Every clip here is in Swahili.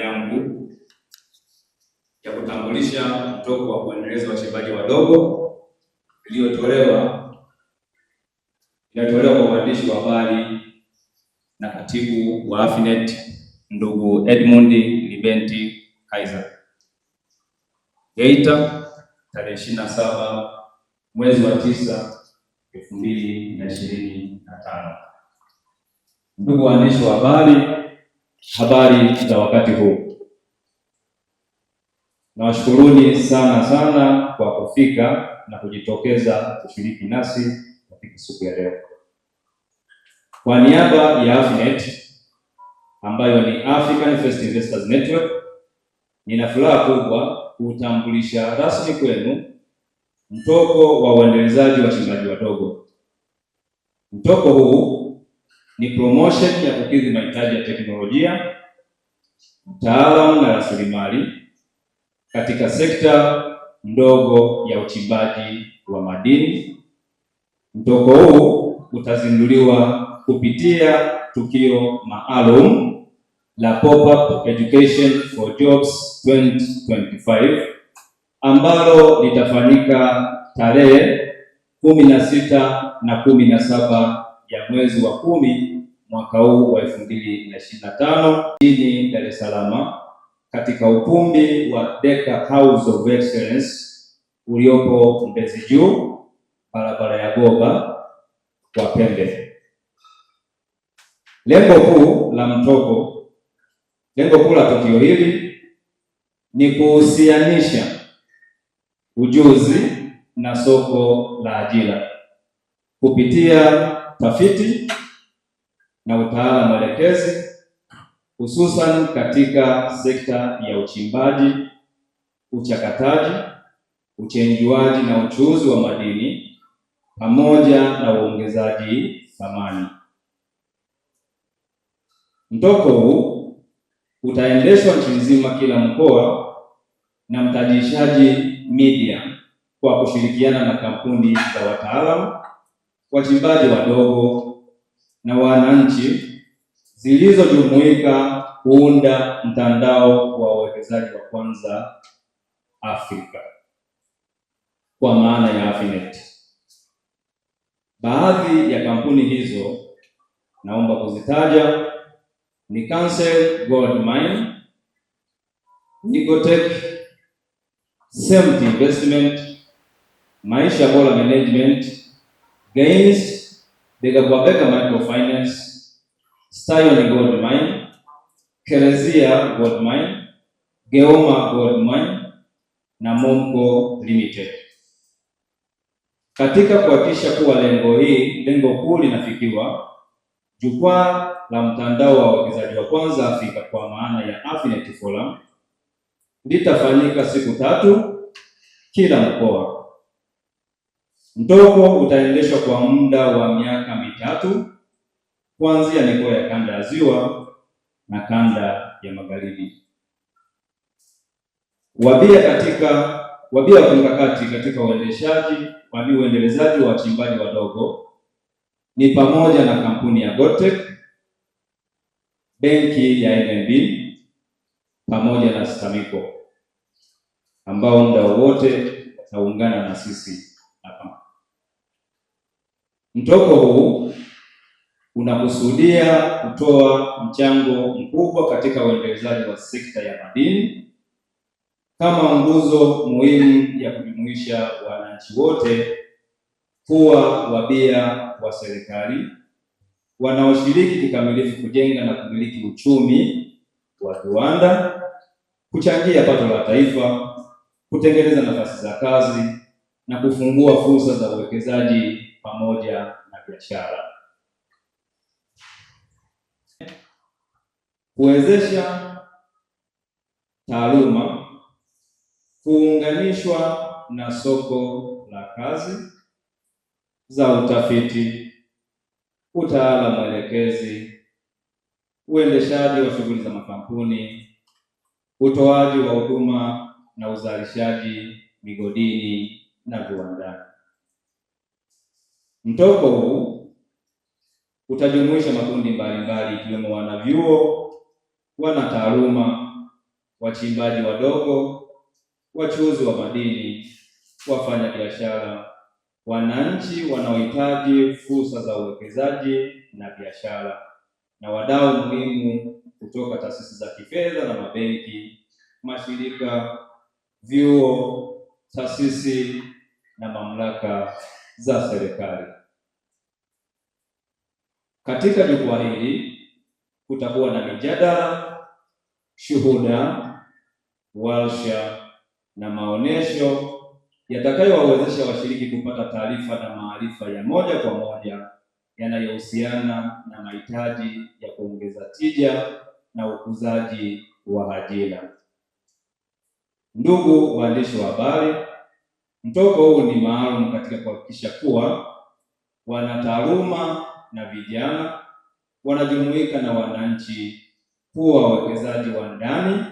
yangu ya kutambulisha mtoko wa kuendeleza wachimbaji wadogo iliyotolewa inatolewa kwa waandishi wa habari na katibu wa AFINet ndugu Edmund Libenti Kaiser Geita tarehe ishirini na saba mwezi wa tisa elfu mbili na ishirini na tano. Ndugu waandishi wa habari habari za wakati huu. Nawashukuruni sana sana kwa kufika na kujitokeza kushiriki nasi katika siku ya leo. Kwa niaba ya Afnet ambayo ni African First Investors Network, nina furaha kubwa kutambulisha rasmi kwenu mtoko wa uendelezaji wachimbaji wadogo. Mtoko huu ni promotion ya kukidhi mahitaji ya teknolojia, utaalamu na rasilimali katika sekta ndogo ya uchimbaji wa madini. Mtoko huu utazinduliwa kupitia tukio maalum la Pop-up Education for Jobs 2025 ambalo litafanyika tarehe kumi na sita na kumi na saba ya mwezi wa kumi mwaka huu wa elfu mbili na ishirini na tano jijini Dar es Salaam katika ukumbi wa Deca House of Excellence uliopo Mbezi Juu, barabara ya Goba kwa Pembe. Lengo kuu la mtoko, lengo kuu la tukio hili ni kuhusianisha ujuzi na soko la ajira kupitia tafiti na utaala mwelekezi hususan katika sekta ya uchimbaji, uchakataji, uchenjuaji na uchuuzi wa madini pamoja na uongezaji thamani. Mtoko huu utaendeshwa nchi nzima, kila mkoa na mtajirishaji media kwa kushirikiana na kampuni za wataalamu wachimbaji wadogo na wananchi zilizojumuika kuunda mtandao wa uwekezaji wa kwanza Afrika kwa maana ya Afinet. Baadhi ya kampuni hizo naomba kuzitaja ni Cancel Gold Mine, Nicotech, Semt Investment, Maisha Bora Management Gains Ligabwabeka Microfinance, Stallion Gold Mine, Kerezia Gold Mine, Geoma Gold Mine na Momco Limited. Katika kuhakikisha kuwa lengo hii lengo kuu linafikiwa, jukwaa la mtandao wa wawekezaji wa kwanza Afrika kwa maana ya Afnet Forum litafanyika siku tatu kila mkoa Mtoko utaendeshwa kwa muda wa miaka mitatu kuanzia mikoa ya kanda ya ziwa na kanda ya magharibi. Wabia katika wabia wa kimkakati katika uendeshaji wa uendelezaji wa wachimbaji wadogo ni pamoja na kampuni ya Gotek, benki ya NMB pamoja na Stamico ambao muda wowote wataungana na sisi Mtoko huu unakusudia kutoa mchango mkubwa katika uendelezaji wa sekta ya madini kama nguzo muhimu ya kujumuisha wananchi wote kuwa wabia wa serikali wanaoshiriki kikamilifu kujenga na kumiliki uchumi wa viwanda, kuchangia pato la taifa, kutengeneza nafasi za kazi na kufungua fursa za uwekezaji pamoja na biashara. Kuwezesha taaluma kuunganishwa na soko la kazi za utafiti, utaalamu mwelekezi uendeshaji wa shughuli za makampuni, utoaji wa huduma na uzalishaji migodini na viwandani. Mtoko huu utajumuisha makundi mbalimbali ikiwemo wanavyuo, wana taaluma, wachimbaji wadogo, wachuuzi wa madini, wafanya biashara, wananchi wanaohitaji fursa za uwekezaji na biashara, na wadau muhimu kutoka taasisi za kifedha na mabenki, mashirika, vyuo, taasisi na mamlaka za serikali. Katika jukwaa hili kutakuwa na mijadala, shuhuda, warsha na maonesho yatakayowawezesha washiriki kupata taarifa na maarifa ya moja kwa moja yanayohusiana na mahitaji ya kuongeza tija na ukuzaji wa ajira. Ndugu waandishi wa habari, Mtoko huu ni maalum katika kuhakikisha kuwa wanataaluma na vijana wanajumuika na wananchi kuwa wawekezaji wa ndani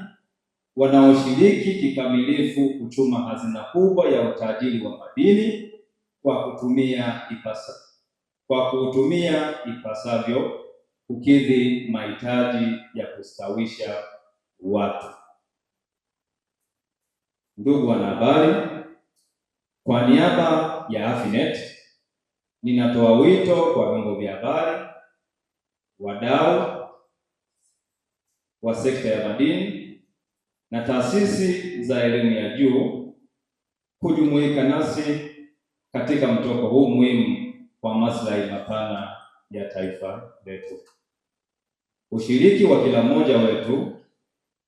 wanaoshiriki kikamilifu kuchuma hazina kubwa ya utajiri wa madini kwa kutumia ipasa kwa kuutumia ipasavyo kukidhi mahitaji ya kustawisha watu. Ndugu wanahabari kwa niaba ya Afinet ninatoa wito kwa vyombo vya habari, wadau wa sekta ya madini na taasisi za elimu ya juu kujumuika nasi katika mtoko huu muhimu kwa maslahi mapana ya taifa letu. Ushiriki wa kila mmoja wetu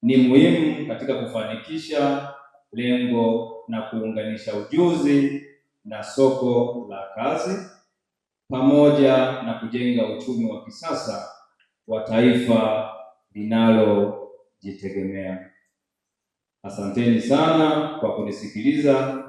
ni muhimu katika kufanikisha lengo na kuunganisha ujuzi na soko la kazi pamoja na kujenga uchumi wa kisasa wa taifa linalojitegemea. Asanteni sana kwa kunisikiliza.